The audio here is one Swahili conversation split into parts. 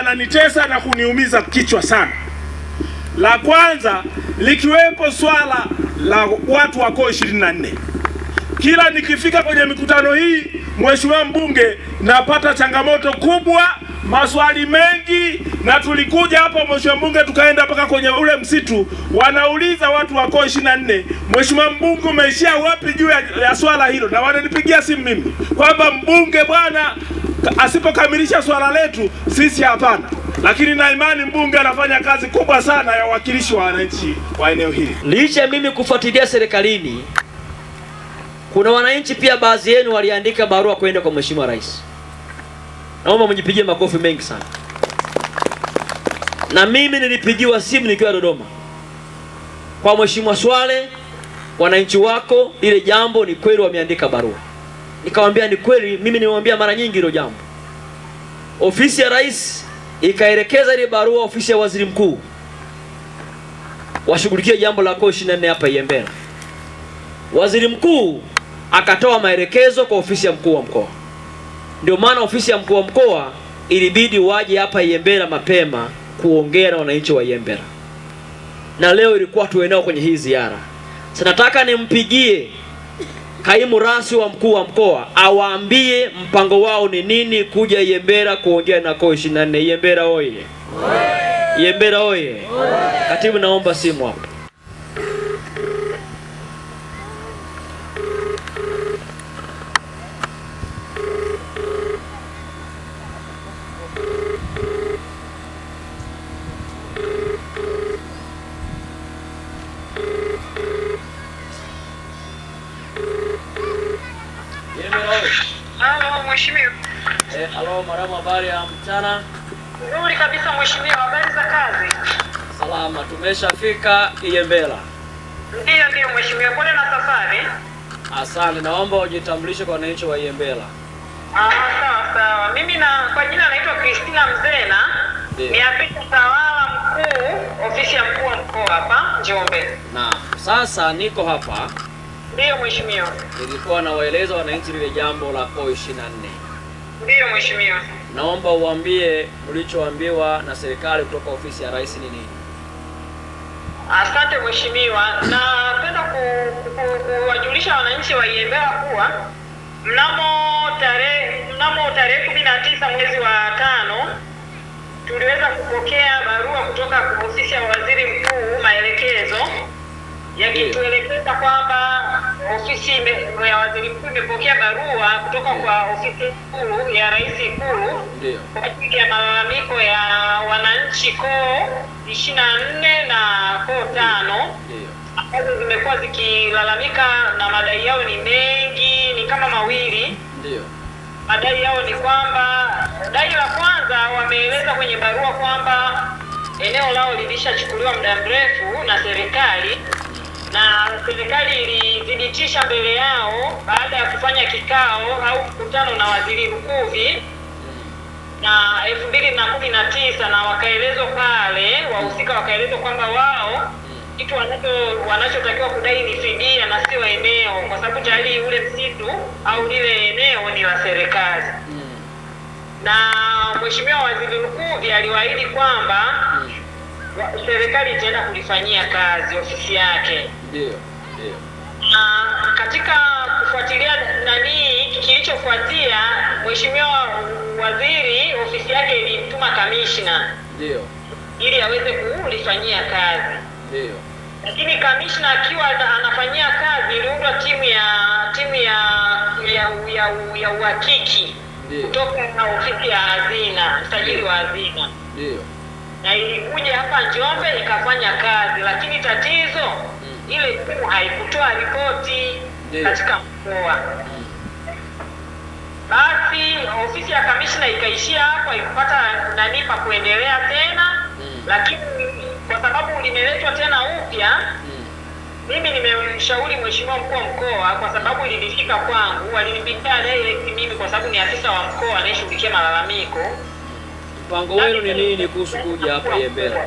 Ananitesa na kuniumiza kichwa sana. La kwanza likiwepo swala la watu wa koo 24. Kila nikifika kwenye mikutano hii, mheshimiwa mbunge, napata changamoto kubwa, maswali mengi, na tulikuja hapa mheshimiwa mbunge, tukaenda mpaka kwenye ule msitu, wanauliza watu wa koo 24, mheshimiwa mbunge, umeishia wapi juu ya, ya swala hilo? Na wananipigia simu mimi kwamba mbunge bwana asipokamilisha swala letu sisi hapana. Lakini na imani mbunge anafanya kazi kubwa sana ya uwakilishi wa wananchi wa eneo hili. Licha mimi kufuatilia serikalini, kuna wananchi pia baadhi yenu waliandika barua kwenda kwa mheshimiwa rais. Naomba mjipigie makofi mengi sana. Na mimi nilipigiwa simu nikiwa Dodoma kwa mheshimiwa Swale, wananchi wako, ile jambo ni kweli, wameandika barua nikamwambia ni kweli, mimi nimemwambia mara nyingi hilo jambo. Ofisi ya Rais ikaelekeza ile barua ofisi ya Waziri Mkuu washughulikie jambo la koo 24 hapa Iembela. Waziri Mkuu akatoa maelekezo kwa ofisi ya mkuu wa mkoa, ndio maana ofisi ya mkuu wa mkoa ilibidi waje hapa Iembela mapema kuongea na wananchi wa Iembela, na leo ilikuwa tuenao kwenye hii ziara. Sasa nataka nimpigie kaimu rasi wa mkuu wa mkoa awaambie mpango wao ni nini kuja Iyembela kuongea na koo 24. Iyembela oye! Iyembela oye! Katibu, naomba simu hapo. Halo mheshimiwa. Eh, halo maramu, habari ya mchana. Nzuri kabisa mheshimiwa, habari za kazi? Salama, tumeshafika Iyembela. ndio ndiyo mheshimiwa, pole na safari. Asante, naomba ujitambulishe kwa wananchi wa Iyembela. Ah, sawa sawa. Mimi na kwa jina naitwa Christina Mzena. Ni afisa tawala mkuu ofisi ya mkuu wa mkoa hapa Njombe. Naam. Sasa niko hapa Ndiyo mheshimiwa. Nilikuwa nawaeleza wananchi lile jambo la koo 24. Ndiyo mheshimiwa. Naomba uambie mlichoambiwa na serikali kutoka ofisi ya rais ni nini? Asante mheshimiwa, napenda kuwajulisha ku, ku, wananchi wa Iembela kuwa mnamo tarehe mnamo tarehe kumi na tisa mwezi wa tano tuliweza kupokea barua kutoka ofisi ya waziri mkuu maelekezo yakituelekeza eh. kwamba ofisi ya waziri mkuu imepokea barua kutoka kwa eh. ofisi kuu ya rais Ikulu kwa ajili ya malalamiko ya wananchi koo ishirini na nne na koo eh. tano ambazo zimekuwa zikilalamika na madai yao ni mengi, ni kama mawili. Ndiyo. Madai yao ni kwamba, dai la kwanza wameeleza kwenye barua kwamba eneo lao lilishachukuliwa muda mrefu na serikali na serikali ilithibitisha mbele yao baada ya kufanya kikao au mkutano na waziri mkuu na elfu mbili na kumi na tisa na wakaelezwa pale, wahusika wakaelezwa kwamba wao kitu wanacho wanachotakiwa kudai ni fidia na sio eneo, kwa sababu tayari ule msitu au lile eneo ni la serikali. Hmm. Na mheshimiwa waziri mkuu aliwaahidi kwamba hmm serikali itaenda kulifanyia kazi ofisi yake. Ndio, ndio. Na katika kufuatilia nani, kilichofuatia mheshimiwa waziri ofisi yake ilimtuma kamishna, ndio, ili aweze kulifanyia kazi. Ndio. Lakini kamishna akiwa anafanyia kazi, iliundwa timu ya timu ya ya ya, ya uhakiki kutoka ofisi ya hazina, msajili wa hazina. Ndio na ilikuja hapa Njombe ikafanya kazi, lakini tatizo mm. ile timu haikutoa ripoti katika mkoa mm. Basi ofisi ya kamishna ikaishia hapo, haikupata nani pa kuendelea tena mm. lakini kwa sababu limeletwa tena upya mm. mimi nimemshauri mheshimiwa mkuu wa mkoa, kwa sababu ilifika kwangu, walinipigia direct mimi, kwa sababu ni afisa wa mkoa anayeshughulikia malalamiko mpango wenu ni nini kuhusu kuja hapa Iyembela?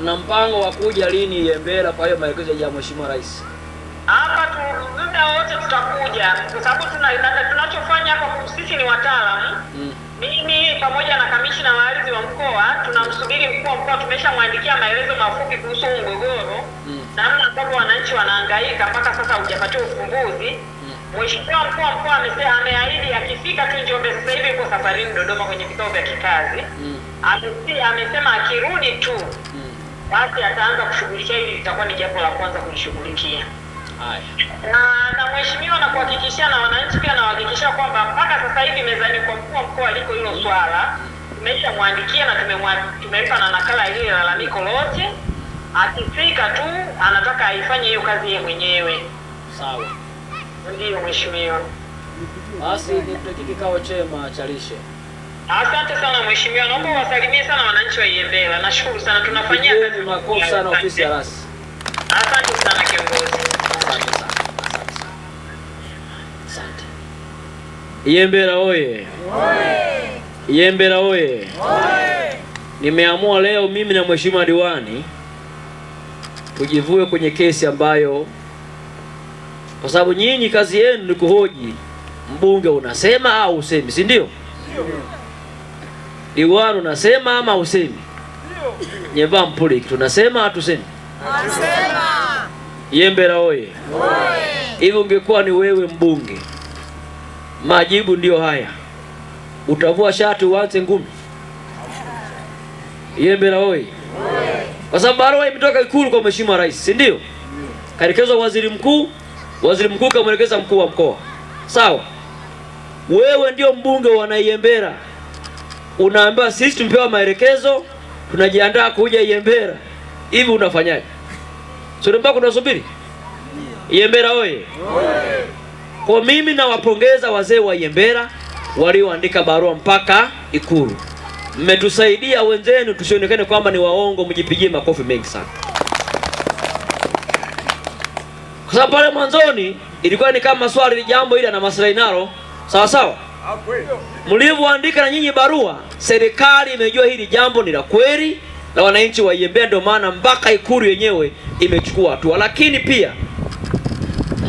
Mna mpango wa kuja lini Iyembela? Kwa hiyo maelekezo ya Mheshimiwa Rais hapa tu, muda wote tutakuja, kwa sababu tunachofanya hapa sisi ni wataalamu mm. Mimi pamoja na kamishina wa ardhi wa mkoa tunamsubiri mkuu wa mkoa, tumeshamwandikia maelezo mafupi kuhusu mgogoro mm. namna ambavyo wananchi wanahangaika mpaka sasa hujapatiwa ufumbuzi. Mheshimiwa mkuu wa mkoa ameahidi akifika tu Njombe, sasa hivi yuko safarini Dodoma kwenye vikao vya kikazi mm. Amesi, amesema akirudi tu mm. basi ataanza kushughulikia hili, litakuwa ni jambo la kwanza kulishughulikia na na mheshimiwa, na kuhakikishia na wananchi pia nawahakikisha kwamba mpaka sasa hivi mezani kwa mkuu wa mkoa aliko hilo swala tumeshamwandikia na tumempa na nakala ile lalamiko lote, akifika tu anataka aifanye hiyo kazi yeye mwenyewe sawa. Ndiyo mheshimiwa. Basi nikutakie kikao chema cha lishe. Asante sana mheshimiwa, naomba wasalimie sana wananchi wa Iembela. Nashukuru sana, tunafanyia kazi makofi sana ofisi ya RAS. Asante sana kiongozi. Asante sana. Asante. Iembela oye. Oye. Iembela oye. Oye. Nimeamua leo mimi na mheshimiwa diwani tujivue kwenye kesi ambayo kwa sababu nyinyi kazi yenu ni kuhoji. Mbunge unasema au usemi, si ndio? Diwani unasema ama usemi? Nyemba mpuli tunasema hatusemi? Yembera oye! Hivyo ungekuwa ni wewe mbunge, majibu ndiyo haya, utavua shati uanze ngumi? Yembera oye! Kwa sababu barua imetoka Ikulu kwa Mheshimiwa Rais, si ndio? Kaelekezwa waziri mkuu Waziri mkuu kamwelekeza mkuu wa mkoa, sawa. Wewe ndio mbunge wa Naiembera, unaambiwa sisi tumepewa maelekezo, tunajiandaa kuja Iembera. Hivi unafanyaje? Sio mpaka unasubiri Iembera oye! Kwa mimi nawapongeza wazee wa Iembera walioandika barua mpaka Ikulu. Mmetusaidia wenzenu, tusionekane kwamba ni waongo, mjipigie makofi mengi sana. Sasa pale mwanzoni ilikuwa ni kama swali jambo ile na maslahi nalo sawa sawa. Mlivyoandika na nyinyi barua, serikali imejua hili jambo ni la kweli na wananchi waiembea, ndio maana mpaka Ikulu yenyewe imechukua hatua. Lakini pia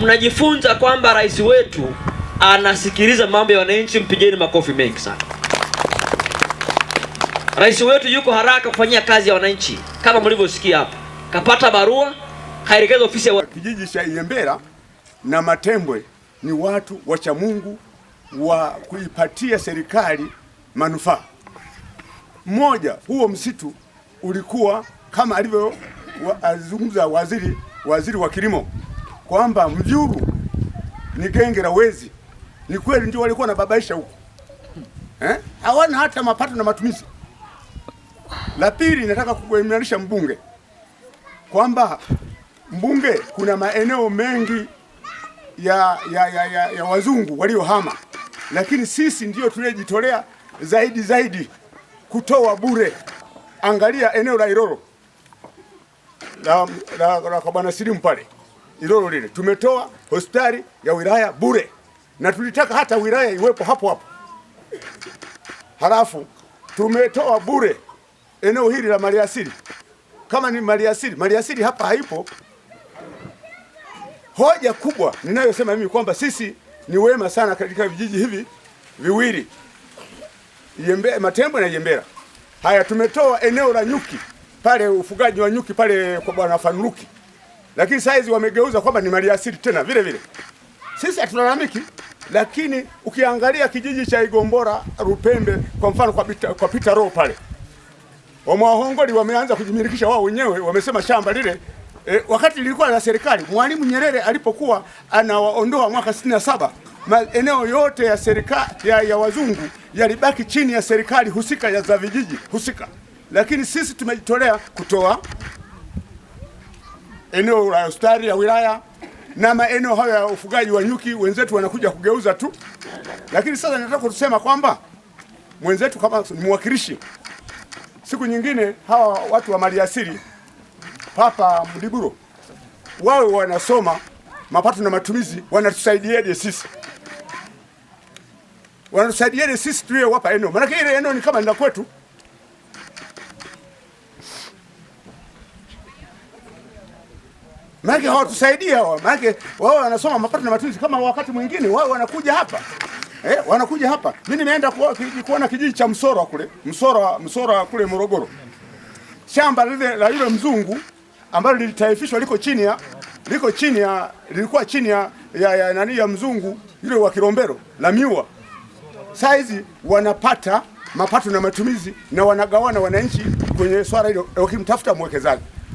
mnajifunza kwamba rais wetu anasikiliza mambo ya wananchi. Mpigeni makofi mengi sana. Rais wetu yuko haraka kufanyia kazi ya wananchi, kama mlivyosikia hapa, kapata barua kaelekeza ofisi ya kijiji cha Iembela na Matembwe ni watu wacha Mungu wa kuipatia serikali manufaa. Mmoja, huo msitu ulikuwa kama alivyo azungumza waziri waziri wa kilimo kwamba mjuru ni genge la wezi. Ni kweli ndio walikuwa babaisha huko eh? Hawana hata mapato na matumizi. La pili, nataka kukuelimisha mbunge kwamba Mbunge, kuna maeneo mengi ya, ya, ya, ya, ya wazungu waliohama, lakini sisi ndiyo tuliyejitolea zaidi zaidi kutoa bure. Angalia eneo la Iloro la, la, la kwa bwana Silimu pale Iloro lile tumetoa hospitali ya wilaya bure, na tulitaka hata wilaya iwepo hapo hapo. Halafu tumetoa bure eneo hili la maliasili. Kama ni maliasili, maliasili hapa haipo. Hoja kubwa ninayosema mimi kwamba sisi ni wema sana katika vijiji hivi viwili Yembe, Matembo na Yembera. Haya, tumetoa eneo la nyuki pale, ufugaji wa nyuki pale kwa bwana Fanuruki, lakini saizi wamegeuza kwamba ni maliasili tena vile vile. Sisi hatulalamiki, lakini ukiangalia kijiji cha Igombora Rupembe kwa mfano, kwa pita, kwa pita roho pale, Wamwahongoli wameanza kujimilikisha wao wenyewe, wamesema shamba lile E, wakati lilikuwa la serikali, Mwalimu Nyerere alipokuwa anawaondoa mwaka 67 maeneo yote ya serikali ya, ya wazungu yalibaki chini ya serikali husika ya za vijiji husika, lakini sisi tumejitolea kutoa eneo la hospitali ya wilaya na maeneo hayo ya ufugaji wa nyuki. Wenzetu wanakuja kugeuza tu, lakini sasa nataka kusema kwamba mwenzetu kama mwakilishi, siku nyingine hawa watu wa maliasili Papa Mdiburo, wawe wanasoma mapato na matumizi, wanatusaidiaje sisi? Wanatusaidiaje sisi wapa eno? Maana ile eno ni kama ndio kwetu. Maana hawatusaidia hawa. Maana wao wanasoma mapato na matumizi, kama wakati mwingine wao wanakuja hapa eh, wanakuja hapa. Mimi nimeenda kuona kijiji cha Msora kule, Msora Msora kule Morogoro, shamba lile la yule mzungu ambalo lilitaifishwa liko chini ya liko chini ya lilikuwa chini ya ya, ya, nani ya mzungu yule wa Kilombero la miwa. Saa hizi wanapata mapato na matumizi na wanagawana wananchi kwenye swala hilo wakimtafuta mwekezaji.